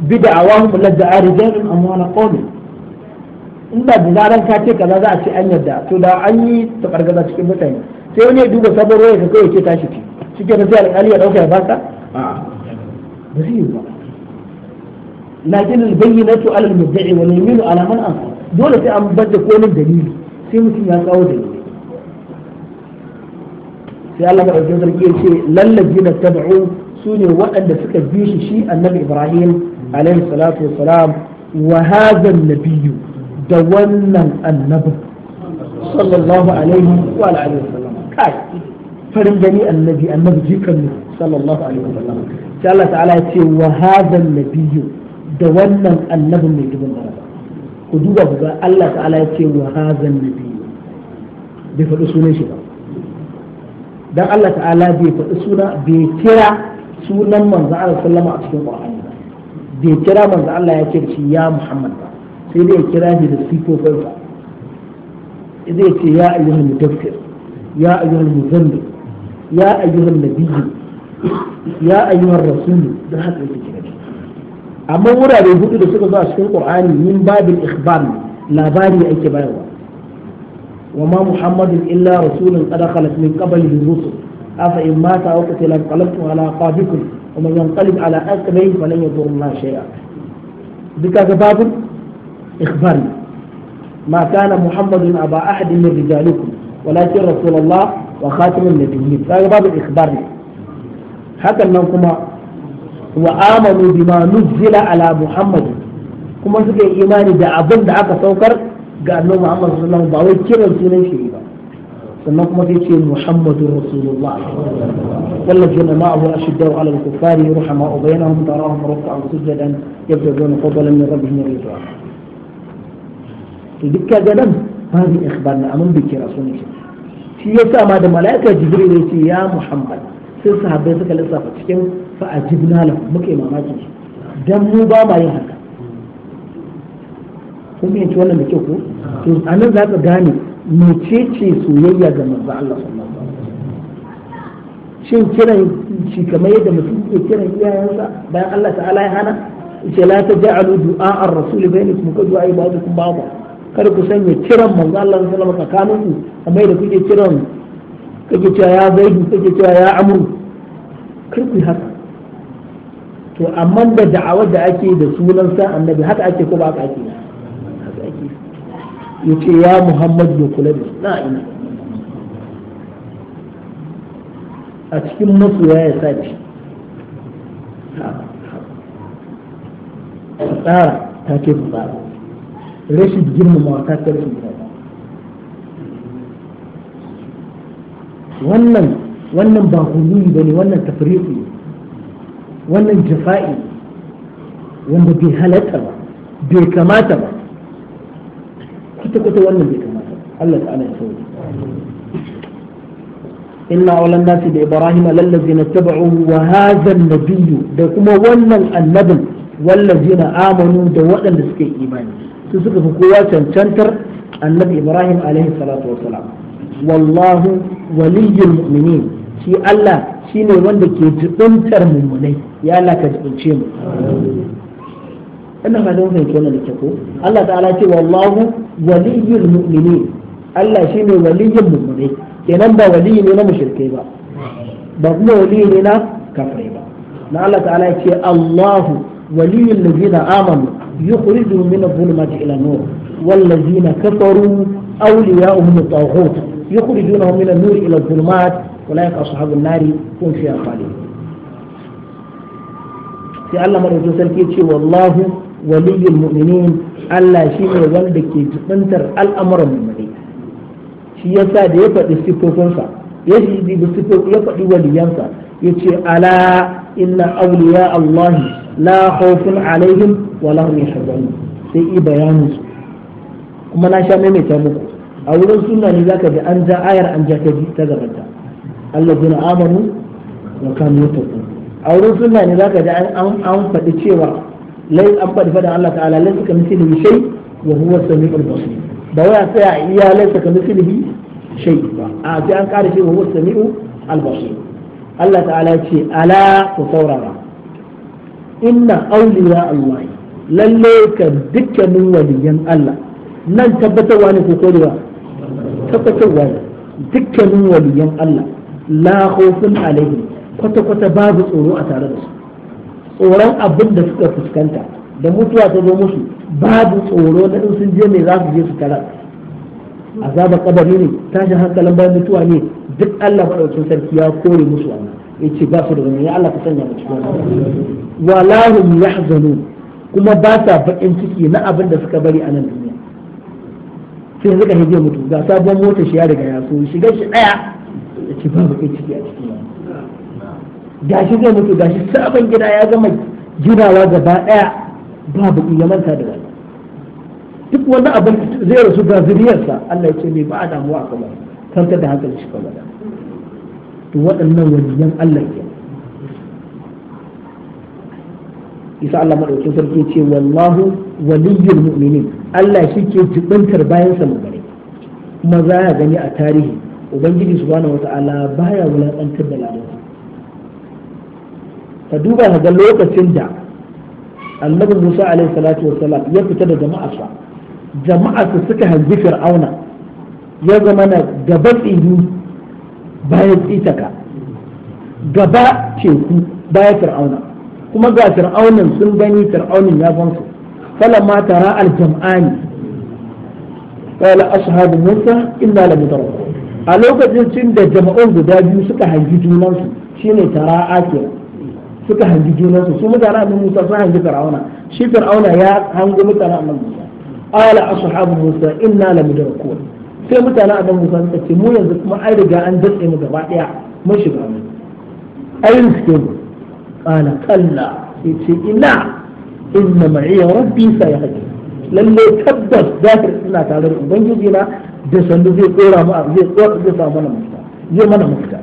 bi da awa da'awahum la amma na qawmin in da zaran ka ce kaza za a ce an yadda to da an yi tabargaza cikin mutane sai wani ya duba sabon roya ka kawai ce tashi ki cike da sai alƙali ya dauka ya baka a ba zai yi ba Na lakin albayyinatu ala al-mudda'i wal yaminu ala man anfa dole sai an bada komin dalili sai mutum ya kawo dalili sai Allah madaukakin sarki ya ce lallajina tab'u ne waɗanda suka bi shi shi annabi Ibrahim alaihi salatu wassalam wa hadha an-nabiyyu da wannan annabi sallallahu alaihi wa alihi wasallam kai farin gani annabi annabi jikan sallallahu alaihi wa wasallam sai Allah ta'ala ya ce wa hadha an-nabiyyu da wannan annabin mai dubin baraka ku duba ku ga Allah ta'ala ya ce wa hazan nabi bai faɗi sunan shi ba dan Allah ta'ala bai faɗi suna bai kira sunan manzo Allah sallama a cikin Qur'ani ba bai kira manzo Allah ya ce shi ya Muhammad ba sai dai ya kira shi da sifofin sa ya ce ya ayyuhal mudaffir ya ayyuhal muzammil ya ayyuhal nabiyyu ya ayyuhar rasul da haka yake kira amma wurare hudu da suka zo a cikin qur'ani min babin ikhbar labari ake bayarwa wa ma muhammadun illa rasulun qad khalat min qablihi rusul afa in mata aw qutila qalabtum ala aqabikum wa man yanqalib ala aqbihi falan yadur Allah shay'a duka ga babin ikhbar ما كان محمد أبا أحد من رجالكم ولكن رسول الله وخاتم النبيين هذا باب الإخبار هذا النوم wa amanu bima nuzila ala muhammad kuma suka yi imani da abin da aka saukar ga annabi muhammad sallallahu ba wai kiran sunan shi ba sannan kuma sai ce muhammadur rasulullah والذين معه أشداء على الكفار رحماء بينهم تراهم ركعا سجدا يبتغون فضلا من ربهم ورضوانا تذكر جنب هذه إخبارنا أمن بك رسولك shi ya sa ma da mala'ika jibril ya ce ya muhammad sai sahabbai suka lissafa cikin fa ajibna lahu muke yi mamaki dan mu ba ma yin haka kun ci wannan da kyau ko to anan za ka gane mecece soyayya ga manzo Allah shin kiran shi kamar yadda mutum ke kiran iyayensa bayan Allah ta'ala ya hana ce la ta ja'alu du'a ar-rasul bainakum ka du'a ibadukum ba'd kada ku sanya kiran manzo Allah sallallahu alaihi wasallam tsakaninku kamar yadda kuke kiran kake cewa ya zaidu kake cewa ya amru kar ku haka to amma da da'awar da ake da sunan san annabi haka ake ko ba haka ake ba ya ce ya muhammad ya kula da na ina a cikin masoya ya sa a tsara ta ke tsara girma ma ta ke rashin girmama wannan wannan ba ba ne wannan tafriku ne wannan jifa'i wanda bai halatta ba bai kamata ba kwata-kwata wannan bai kamata Allah ta'ala ya sauri inna awlan nasi da ibrahim lallazina taba'u wa hadha an da kuma wannan annabin wallazina amanu da waɗanda suke imani su suka fi kowa cancantar annabi ibrahim alaihi salatu wa salam wallahu waliyyul mu'minin shi Allah shine wanda ke jibintar mummunai ya Allah ka jibince mu ina fatan fahimci wannan da ke ko Allah ta'ala ce wallahu waliyyul mu'minin Allah shi ne waliyyul mu'minai kenan ba waliyi ne na mushrikai ba ba kuma waliyi ne na kafirai ba na Allah ta'ala ya ce Allahu waliyyul ladina amanu yukhrijuhum min adh-dhulumati ila an-nur والذين كفروا أولياؤهم الطاغوت يخرجونهم من النور إلى الظلمات أولئك أصحاب النار هم فيها خالدون sai Allah madaukin sarki ce wallahu waliyul mu'minin Allah shi ne wanda ke jibantar al'amuran mu'mini shi yasa da ya faɗi sifofinsa ya shi dibi ya faɗi waliyansa ya ce ala inna awliya Allah la khawfun alaihim wa la hum yahzanun sai i bayanin su kuma na sha maimaita muku a wurin sunna ne zaka ji an ja ayar an ja ta ta gabata alladheena amanu wa kanu yattaqun a wurin sunna ne zaka ji an an cewa lai an faɗi faɗin Allah ta'ala lai suka mislihi shay wa huwa samiul basir ba waya sai a iya lai suka mislihi shay ba a sai an ƙara cewa huwa samiul basir Allah ta'ala ce ala ku saurara inna awliya Allah lalle ka dukkanin waliyan Allah nan tabbatarwa dukkanin waliyan Allah la khawfun alaihim kwata kwata babu tsoro a tare da su tsoron abin da suka fuskanta da mutuwa ta zo musu babu tsoro na in sun je mai za su je su tarar azaba kabari ne tashin hankalin bayan mutuwa ne duk Allah madaukakin sarki ya kore musu wannan yace ba su da wani ya Allah ka sanya mu cikin walahum yahzanun kuma ba sa bakin ciki na abin da suka bari a nan duniya sai suka hije mutu ga sabon mota shi ya riga ya so shigar shi daya ya ce babu kai ciki a cikin gashi zai mutu gashi sabon gida ya gama ginawa gaba daya babu ya manta da wani duk wani abin zai rasu ga zuriyarsa Allah ya ce mai ba a damuwa kamar kanta da hankali shi kamar to waɗannan waliyan Allah ke isa Allah madaukin sarki ce wallahu waliyyul mu'minin Allah shi ke jibintar bayan sa mu gare maza ya gani a tarihi ubangiji subhanahu ala baya wulaƙantar da ladansa ka duba ka ga lokacin da annabi Musa alaihi salatu ya fita da jama'a jama'arsa suka hangi fir'auna ya zama na gaba tsini bayan tsitaka gaba teku bayan fir'auna kuma ga fir'aunan sun gani fir'aunin ya bansu falamma tara al-jam'ani qala ashabu musa inna la a lokacin da jama'un guda biyu suka hangi junansu shine tara'a ke suka hangi junansu su mutane annabi Musa sun hangi Fir'auna shi Fir'auna ya hango mutane annabi Musa ala ashabu Musa inna lamudrakun sai mutane annabi Musa suka ce mu yanzu kuma ai riga an datse mu gaba daya mun shiga mu ai suke mu kana kalla ce ina inna ma'iya rabbi sayahdi lalle tabbas zahir suna tare da ubangiji na da sandu zai tsora mu zai tsora zai samu mana mafita zai mana mafita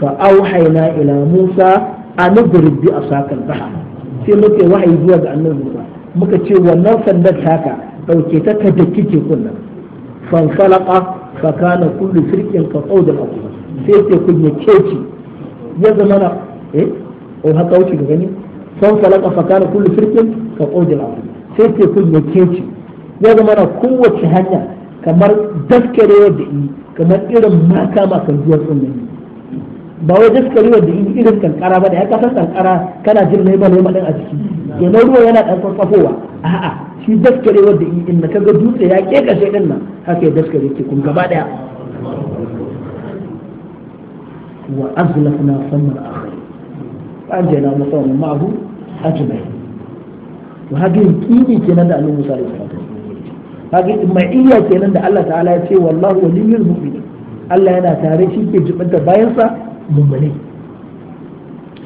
fa auhayna ila musa an durbi asakal bahar sai muke wahayi zuwa ga annabi musa muka ce wannan sandar taka dauke ta ka daki ke kunna fanfalaqa fa kana kullu firqin ka qawdal aqul sai ce kun ya keci ya zama na eh o haka wuce ga gani fanfalaqa fa kana kullu firqin ka qawdal aqul sai tekun ya keci ya zama na kowace hanya kamar daskare da yi kamar irin maka makan zuwan tsunmi ba wai daskare da yi irin kankara ba da ya kasar kankara kana jin nema nema din a jiki kenan ruwa yana ɗan kwakwafowa a'a shi daskare da yi in na ga dutse ya kekashe din nan haka ya daskare kun gaba daya wa azlafna samar akhir an jana musawman ma'ahu ajma'in to haka kini kenan da Annabi Musa alaihi salatu haka iya kenan da Allah ta'ala ya ce wallahu waliyul mu'minin Allah yana tare shi ke jibinta bayansa mummune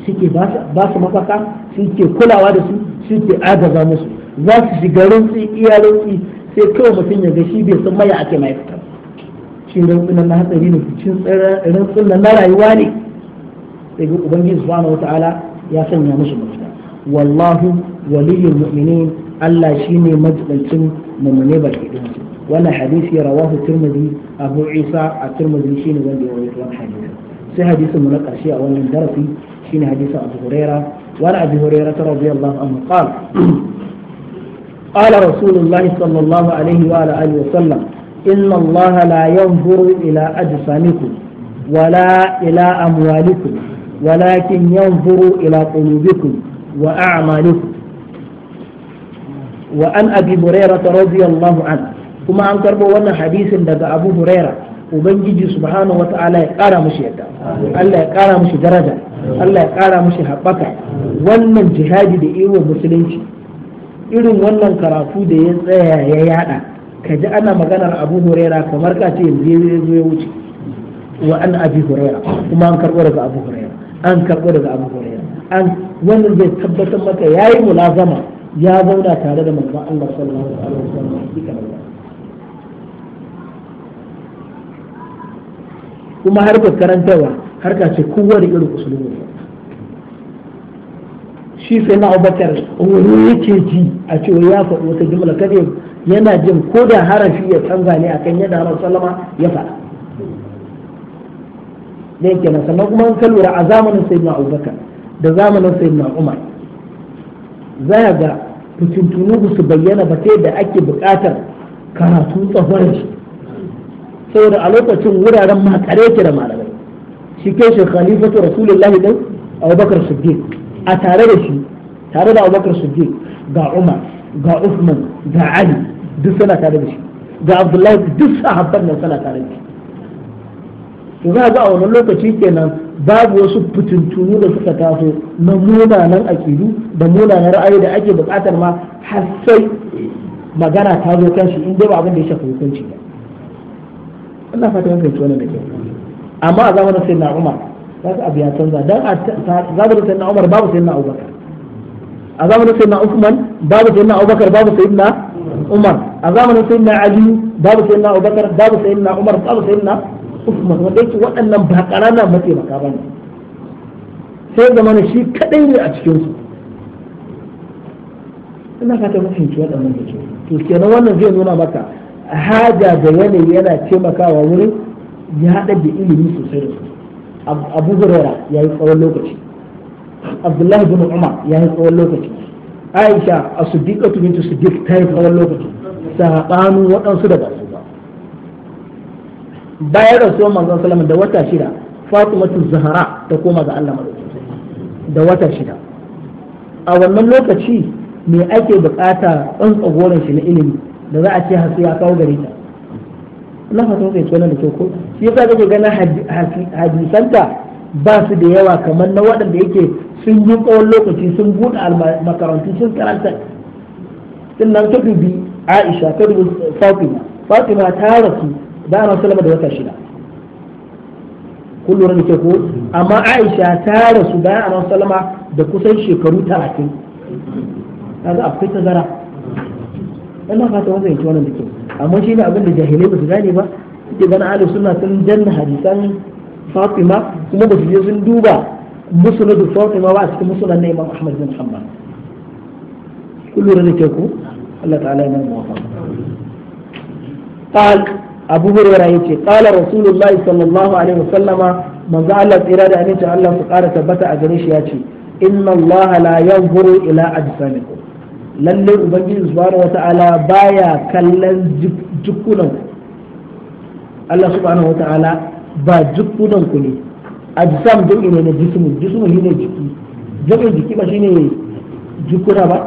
shi ke ba su mafaka shi ke kulawa da su shi ke agaza musu za su shiga rantsi iya rantsi sai kawai mutum ya ga shi bai san maya ake mai fitar shi rantsunan na hatsari ne cikin rantsunan na rayuwa ne sai ga ubangiji subhanahu wataala ya sanya musu mafita wallahu waliyul mu'minin Allah shine majidancin mu'mine baki ɗaya wannan hadisi rawahu tirmidhi abu isa a tirmidhi shine wanda ya rawaito wannan hadisi sai hadisin mu na ƙarshe a wannan darasi shine hadisin abu huraira wani abu huraira ta radiyallahu anhu qala qala rasulullahi sallallahu alaihi wa alihi wa sallam inna allaha la ila ولا إلى أموالكم ولكن ينظر إلى قلوبكم وأعمالكم wa an abi huraira radiyallahu an kuma an karbo wannan hadisin daga abu huraira ubangiji subhanahu wa ta'ala ya kara mushi yadda Allah ya kara mushi daraja Allah ya kara mushi haɓaka wannan jihadi da iwa musulunci irin wannan karatu da ya tsaya ya yada ka ji ana maganar abu huraira kamar ka ce yanzu ya zo ya wuce wa an abi huraira kuma an karɓo daga abu huraira an karɓo daga abu huraira an wannan zai tabbatar maka yayi mulazama ya zauna tare da manzon Allah sallallahu alaihi wasallam hakika kuma harkar karantarwa harka ce kowa da irin usulun shi sai na abubakar wani yake ji a cewa ya faɗi wata jimla kada yana jin ko da harafi ya canza ne a kan yadda harar salama ya faɗa da yake nan sannan kuma ka lura a zamanin na abubakar da zamanin na umar za ga fitintunu ba su bayyana ba sai da ake buƙatar karatu tsawon shi saboda a lokacin wuraren makare ke da malamai shi kai shi khalifatu rasulullahi din abubakar siddiq a tare da shi tare da abubakar siddiq ga umar ga usman ga ali duk suna tare da shi ga abdullahi duk sahabban nan suna tare da shi to za ga a wannan lokaci kenan babu wasu fitintunu da suka taso na munanan akidu da munanan ra'ayi da ake buƙatar ma har sai magana ta zo kansu in dai ba abin da ya shafi hukunci ba Allah fata yanka ce wannan da ke amma a zamanin sai na Umar za ka abu ya canza dan a zamanin sai na Umar babu sai na Abubakar a zamanin sai na Uthman babu sai na Abubakar babu sai na Umar a zamanin sai na Ali babu sai na Abubakar babu sai na Umar babu sai na usman wanda yake waɗannan ba ƙarana mataimaka ba ne sai zama na shi kaɗai ne a cikinsu ina ka mun fahimci waɗannan da ke to kenan wannan zai nuna maka haja da yanayi yana taimakawa wurin ya haɗa da ilimi sosai da sosai abu hurairah ya yi tsawon lokaci abdullahi bin umar ya yi tsawon lokaci aisha a siddiqatu bintu siddiq ta yi tsawon lokaci saɓanin waɗansu da ba bayan rasuwar manzon salama da wata shida fatimatu zahara ta koma ga Allah da wata shida a wannan lokaci me ake bukata tsantsagoran shi na ilimi da za a ce hasu ya kawo gare ta na fatan kai tsoron da ko shi yasa kake ganin hadisanta ba su da yawa kamar na waɗanda yake sun yi tsawon lokaci sun buɗe makarantu sun karanta sannan ta dubi Aisha ta dubi Fatima Fatima ta rasu bayan sallama da wata shida kun lura da ke ko amma aisha ta rasu da ana salama da kusan shekaru 30 kaga akwai tazara Allah fata wanda yake wannan dake amma shi ne abinda jahilai ba su gane ba suke ganin ahlus suna sun janna hadisan Fatima kuma ba su je sun duba musnad Fatima ba a cikin musnad na Imam Ahmad bin Hanbal kun lura da ke ko Allah ta'ala ya mana muwafaqa قال abu hurairah yace qala rasulullahi sallallahu alaihi wasallama manzo Allah tsira da aminci Allah su ƙara tabbata a gare shi ya ce inna Allah la yanzuru ila ajsamikum lalle ubangiji subhanahu wata'ala baya kallon jukkunan Allah subhanahu wata'ala ba jukkunan ku ne ajsam duk ne na jismu jismu shine jiki jami'in jiki ba shine jukkuna ba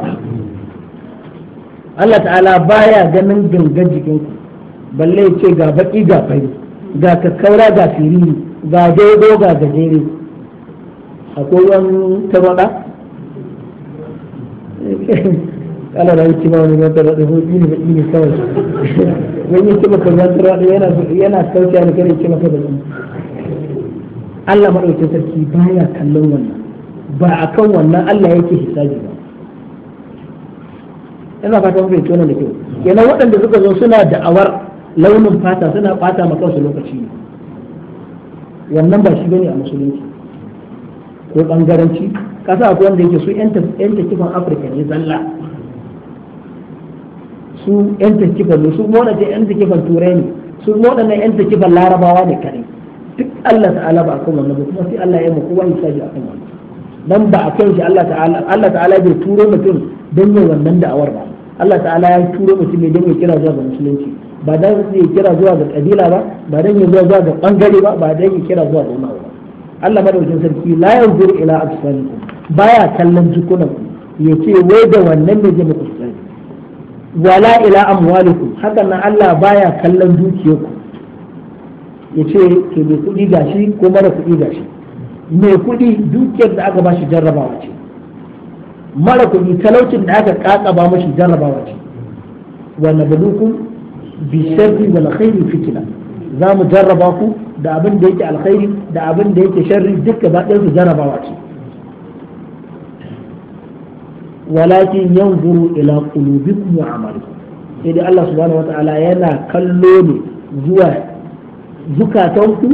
Allah ta'ala baya ganin gangan jikinku balle ya ce ga baki ga fari ga kakkaura ga firi ga dogo ga gajere akwai wani tarwada kala da wuce ma wani ruwan tarwada ko ne ba ne kawai wani ya ce maka ruwan tarwada yana sauki a nukari ya ce maka da Allah maɗaukin sarki baya kallon wannan ba a kan wannan Allah yake hisabi ba ina fatan bai tona da kyau yana waɗanda suka zo suna da'awar launin fata suna bata maka wasu lokaci ne wannan ba shi bane a musulunci ko bangaranci kasa akwai wanda yake su yan takifan afirka ne zalla su yan takifan ne su modace yan takifan turai ne su modace yan takifan larabawa ne kare duk Allah ta'ala ba akan wannan kuma sai Allah ya mako wani saji akan wannan dan ba a kan shi Allah ta'ala Allah ta'ala bai turo mutum dan yin wannan da'awar ba Allah ta'ala ya turo mutum ne dan ya kira zuwa ga musulunci ba dan ya kira zuwa ga kabila ba ba dan ya zuwa ga bangare ba ba dan ya kira zuwa ga umma ba Allah madaukakin sarki la yanzur ila absanikum baya kallon jikunan ya ce wai da wannan ne zai muku wala ila amwalikum haka nan Allah baya kallon dukiyarku ya ce ke mai kuɗi gashi ko mara kuɗi gashi mai kuɗi dukiyar da aka ba shi jarrabawa ce mara kuɗi talaucin da aka ba mashi jarrabawa ce wa nablukum bisharri wal khairi fitna za mu jarraba ku da abin da yake alkhairi da abin da yake sharri duk ba ɗayan su jarrabawa ce walakin yanzuru ila qulubikum wa amalikum sai dai Allah subhanahu wata'ala yana kallo ne zuwa zukatanku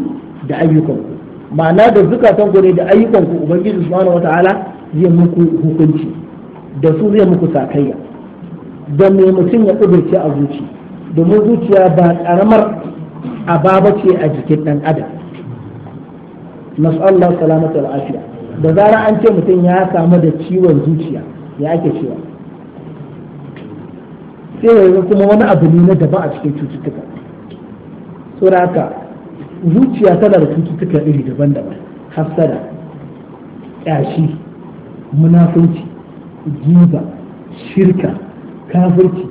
da ayyukanku ma'ana da zukatanku ne da ayyukanku ubangiji subhanahu wata'ala zai muku hukunci da su zai muku sakayya da mai mutum ya kudurce a zuci domin zuciya ba karamar ababa ce a jikin dan adam masu Allah salamata al'afiya da zara an ce mutum ya kamu da ciwon zuciya ya ake cewa sai ya kuma wani abu ne na daba a cikin cututtuka haka zuciya tana da cututtuka iri daban-daban hafsada ƙyashi munafunci giba shirka kafirci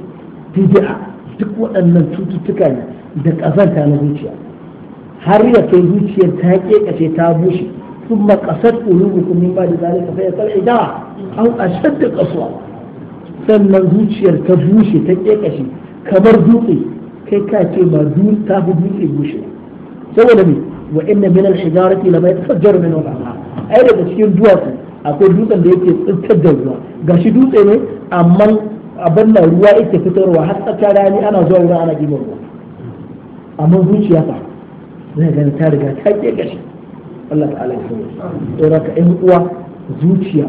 bid'a duk waɗannan cututtuka ne da ƙazanta na zuciya har ya kai zuciyar ta ƙeƙashe ta bushe ثم قصد قلوبكم من بعد ذلك فهي كالحجارة أو أشد قسوة sannan zuciyar ta bushe ta kekashe kamar dutse kai ka ce ba ta fi dutse bushe saboda me wa inna min al-hijarati lama yatafajjaru min al-anhar ai daga cikin duwatsu akwai dutsen da yake tsittar da ruwa gashi dutse ne amma abin nan ruwa yake fitarwa har tsakar rani ana zuwa wurin ana ɗiban ruwa amma zuciya fa zai gani ta riga ta ke gashi Allah ta'ala ya yi saboda ka ɗan uwa zuciya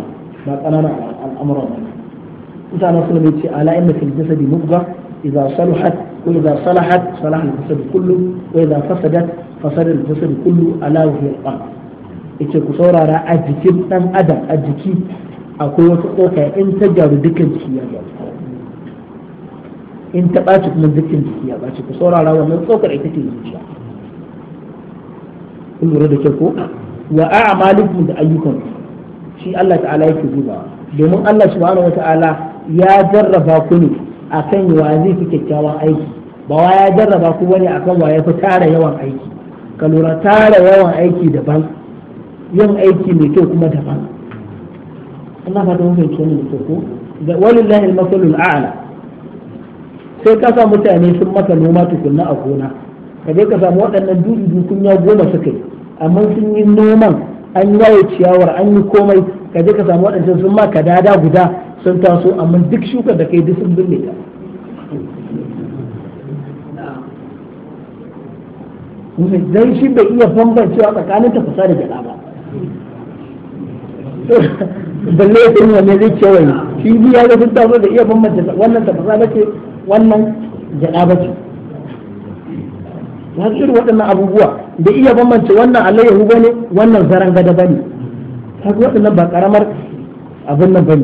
ba ƙananan al'amuran ba mutane suna mai ce ala inna fil jasadi mubga idza saluhat wa idza salahat salaha al-jasad kullu wa idza fasadat fasada al-jasad kullu ala wa hiya al-qalb yace ku saurara a jikin dan adam a jiki akwai wata tsoka in ta gyaru dukkan jiki ya gyaru in ta ɓaci kuma dukkan jiki ya ɓaci ku saurara wannan tsokar ita ce zuciya kun lura da kyau ko wa a'malikum da ayyukan shi Allah ta'ala yake zuba domin Allah subhanahu wata'ala ya jarraba ku ne akan wa zai fi kyakkyawan aiki ba wa ya jarraba ku bane akan wa ya fi tara yawan aiki ka lura tara yawan aiki daban yin aiki mai kyau kuma daban ina fata ta fahimci wannan da teku da walillahi a'la sai ka sa mutane sun maka noma tukunna a gona ka je ka samu waɗannan dudu ya goma suka yi amma sun yi noman an yaye ciyawar an yi komai ka je ka samu waɗancan sun maka dada guda sun taso amma duk shukar da kai duk sun binne ka dan shi bai iya bambancewa tsakanin tafasa da gyaɗa ba balle ya sani wanne zai ce wai shi biya ga sun taso da iya bambanta wannan tafasa bace wannan jada bace na tsiri waɗannan abubuwa da iya bambanta wannan alayyahu ne wannan zaren gada bane haka waɗannan ba ƙaramar abin nan ne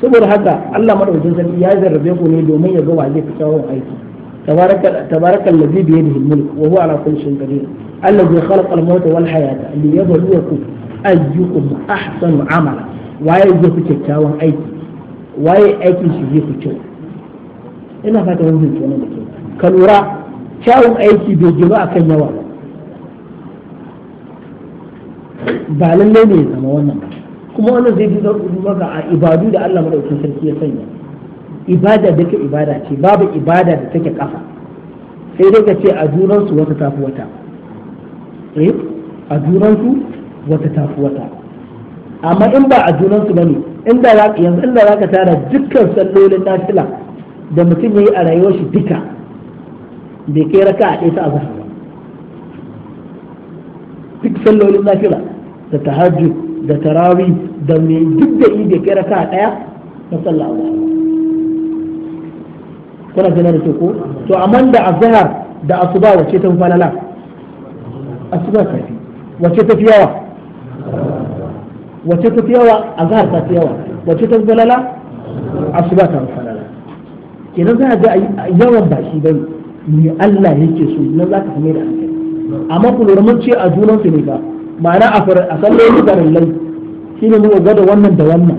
saboda haka Allah maɗaukacin sarki ya zarrabe ku ne domin ya ga wa zai fi kyawun aiki تبارك تبارك الذي بيده الملك وهو على كل شيء قدير الذي خلق الموت والحياة ليبلوكم أيكم أحسن عملا waye zai fi kyakkyawan aiki waye aikin shi zai fi kyau ina fata wani zai kyau da kyau ka lura kyawun aiki bai gino a kan yawa ba lallai ne ya zama wannan kuma wannan zai fi ga a ibadu da Allah madaukakin sarki ya sanya ibada duka ibada ce babu ibada da take kafa sai dai ka ce a junansu wata tafi wata eh a junansu wata tafi wata amma in ba a junansu bane inda za yanzu inda za ka tara dukkan sallolin nafila da mutum ya yi a rayuwar shi duka bai kai raka a ɗaya ta azhar ba duk sallolin nafila da tahajjud da tarawi da me duk da yi bai kai raka a ɗaya na sallah azhar kuna gina da ke ko to amma da azhar da asuba wace ta falala asuba ta fi wace ta fi yawa wace ta fi yawa azhar ta fi yawa wace ta falala asuba ta falala idan za a ga yawan bashi shi bane me Allah yake so nan za ka kame da hankali amma ku lura mun ce a junan su ne ba ma'ana a san sallolin garallai shi ne muka gwada wannan da wannan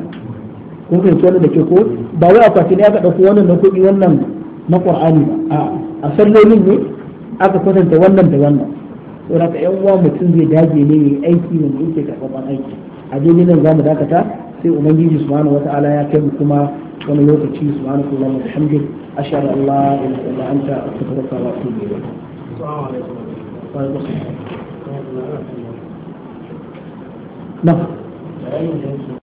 kun fahimci wannan da ke ko ba wai a akwati ne aka ɗauko wannan na kuɗi wannan na qur'ani ba a sallolin ne aka kwatanta wannan da wannan saboda ka yan uwa mutum zai dage ne yayi aiki ne wanda yake karɓan aiki a daidai nan za mu dakata sai ubangiji subhanahu wataala ya kai mu kuma wani lokaci subhanahu wa ta'ala alhamdulillah ashhadu an la ilaha illa anta astaghfiruka wa atubu ilayk assalamu alaikum wa rahmatullahi wa